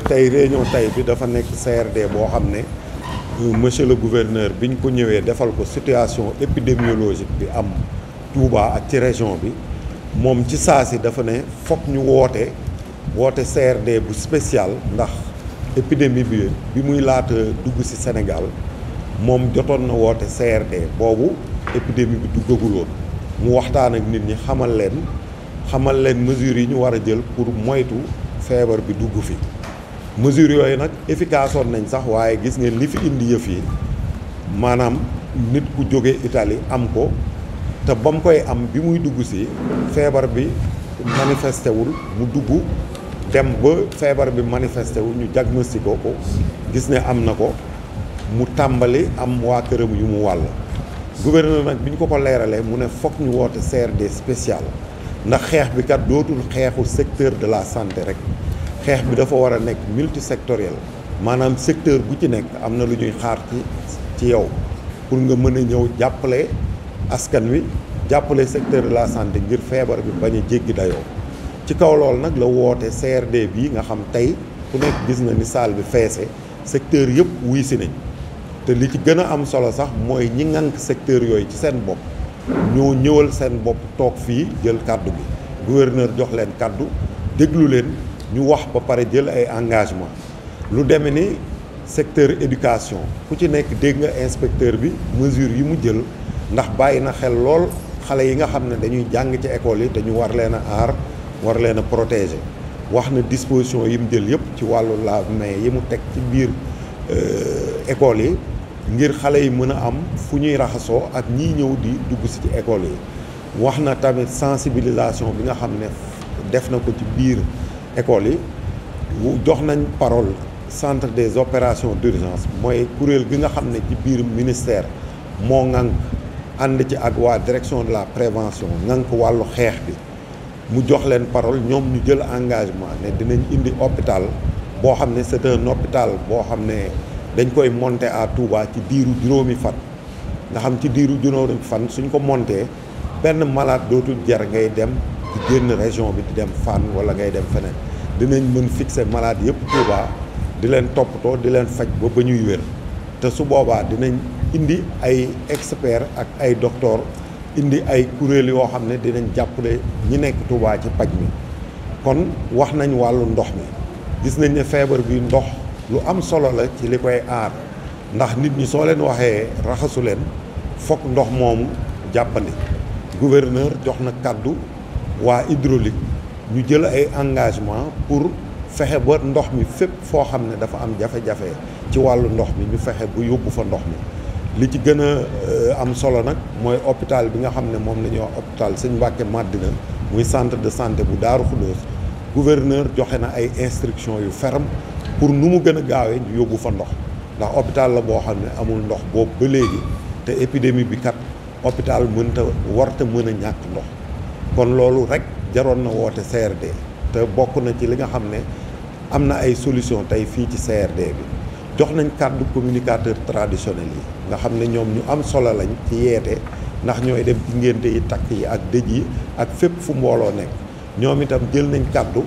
que tey réunion tey bi dafa nekk CRD boo xam ne monsieur le gouverneur bi ñu ko ñëwee defal ko situation épidémiologique bi am Touba ak ci région bi moom ci saa si dafa ne foog ñu woote woote CRD bu spécial ndax épidémie bi bi muy laata dugg ci Sénégal moom jotoon na woote CRD boobu épidémie bi duggaguloon mu waxtaan ak nit ñi xamal leen xamal leen mesures yi ñu war a jël pour moytu feebar bi dugg fi mesure yooyu nag efficace nañ sax waaye gis ngeen li fi indi yëf yi maanaam nit ku jóge itali am ko te ba mu koy am bi muy dugg si feebar bi manifesté wul mu dugg dem ba feebar bi manifesté wul ñu diagnostiqué ko gis ne am na ko mu tàmbali am waa këram yu mu wàll. gouverneur nag bi ñu ko ko leeralee mu ne foog ñu woote CRD spécial ndax xeex bi kat dootul xeexu secteur de la santé rek. xeex bi dafa war a nekk multisectoriel maanaam secteur bu ci nekk am na lu ñuy xaar ci yow pour nga mën a ñëw jàppale askan wi jàppale secteur de la santé ngir feebar bi bañ a jéggi dayoo ci kaw loolu nag la woote CRD bi nga xam tey ku nekk gis nga ni saal bi feese secteur yëpp wuy si nañ te li ci gën a am solo sax mooy ñi ŋànk secteur yooyu ci seen bopp ñoo ñëwal seen bopp toog fii jël kàddu bi gouverneur jox leen kàddu déglu leen ñu wax ba pare jël ay engagement lu demee ni secteur éducation ku ci nekk dégg nga inspecteur bi mesure yi mu jël ndax bàyyi na xel lool xale yi nga xam ne dañuy jàng ci école yi te ñu war leen a aar war leen a protéger wax na disposition yi mu jël yëpp ci wàllu lave-mains yi mu teg ci biir euh, école yi ngir xale yi mën a am fu ñuy raxasoo ak ñiy ñëw di dugg si ci école yi wax na tamit sensibilisation bi nga xam ne def na ko ci biir écoles yi jox nañ parole centre des opérations d'urgence mooy kuréel bi nga xam ne ci biir ministère moo ŋànk ànd ci ak waa direction de la prévention ŋànk wàllu xeex bi mu jox leen parole ñoom ñu jël engagement ne dinañ indi hôpital boo xam ne c'est un hôpital boo xam ne dañ koy monter à Touba ci diiru juróomi fan nga xam ci diiru juróomi fan suñ ko monter benn malade dootul jar ngay dem di génn région bi di dem fànn wala ngay dem feneen dinañ mën fixer malaat yëpp Touba di leen toppatoo di leen faj ba ba ñuy wér te su boobaa dinañ indi ay expert ak ay docteur indi ay kuréel yoo xam ne dinañ jàppale ñi nekk Touba ci paj mi kon wax nañ wàllu ndox mi gis nañ ne feebar bi ndox lu am solo la ci li koy aar ndax nit ñi soo leen waxee raxasu leen fokk ndox moomu jàppandi gouverneur jox na kàddu waa hydraulique ñu jël ay engagement pour fexe ba ndox mi fépp foo xam ne dafa am jafe-jafe ci wàllu ndox mi ñu fexe bu yóbbu fa ndox mi li ci gën a euh, am solo nag mooy hôpital bi nga xam ne moom la ñuy wax hôpital Sëñ Mbàkke Madina muy centre de centé bu Daaru Xudóos gouverneur joxe na ay instructions yu ferme pour nu mu gën a gaawee ñu yóbbu fa ndox ndax hôpital la boo xam ne amul ndox boobu ba léegi te épidémie bi kat hôpital mënta warta mën a ñàkk ndox kon loolu rek jaroon na woote CRD te bokk na ci li nga xam ne am na ay solution tey fii ci CRD bi jox nañ kàddu communicateur traditionnel yi nga xam ne ñoom ñu am solo lañ ci yeete ndax ñooy dem ci yi takk yi ak dëj yi ak fépp fu mbooloo nekk ñoom itam jël nañ kàddu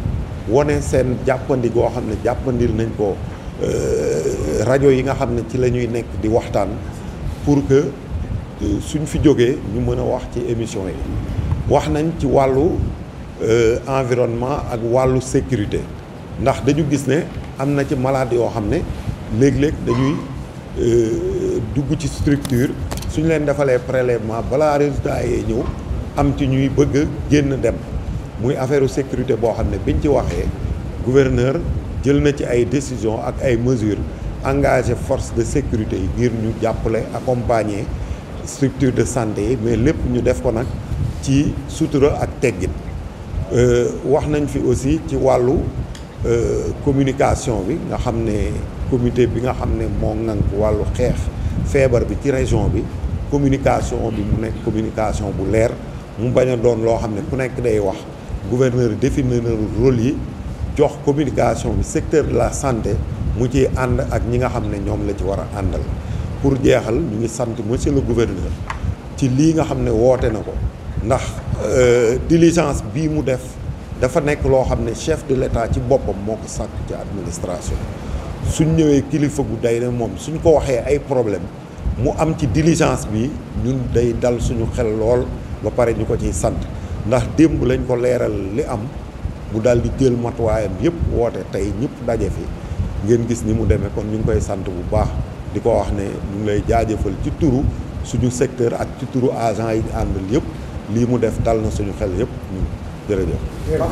wone seen jàppandi goo xam ne jàppandil nañ ko euh, rajo yi nga xam ne ci la ñuy nekk di waxtaan pour que euh, suñ fi jógee ñu mën a wax ci émission yi wax nañ ci wàllu euh, environnement ak wàllu sécurité ndax dañu gis ne am na ci malade yoo xam ne léeg-léeg dañuy euh, dugg ci structure suñ leen defalee prélèvement balaa résultat yee ñëw am ci ñuy bëgg génn dem muy affaire sécurité boo xam ne biñ ci waxee gouverneur jël na ci ay décisions ak ay mesures engage force de sécurité yi ngir ñu jàppale accompagner structure de santé yi mais lépp ñu def ko nag ci sutura ak teggin euh, wax nañ fi aussi ci wàllu euh, communication bi nga xam ne comité bi nga xam ne moo ŋànk wàllu xeex feebar bi ci région bi communication bi mu nekk communication bu leer mu bañ a doon loo xam ne ku nekk day wax gouverneur définir na rôle yi jox communication bi secteur de la santé mu ci ànd ak ñi nga xam ne ñoom la ci war a àndal pour jeexal ñu ngi sant monsieur le gouverneur ci lii nga xam ne woote na ko ndax euh, diligence bii mu def dafa nekk loo xam ne chef de l'État ci boppam moo ko sàkk ci administration suñ ñëwee kilifa gu day ne moom suñ ko waxee ay problème mu am ci diligence bi ñun day dal suñu xel lool ba pare ñu ko ciy sant ndax démb lañ ko leeral li am bu dal di jël matuwaayam yëpp woote tey ñëpp daje fi ngeen gis ni mu demee kon ñu koy sant bu baax di ko wax ne ñu ngi lay jaajëfal ci turu suñu secteur ak ci turu agent yi àndal yëpp lii mu def tal na suñu xel yëpp jërëjëf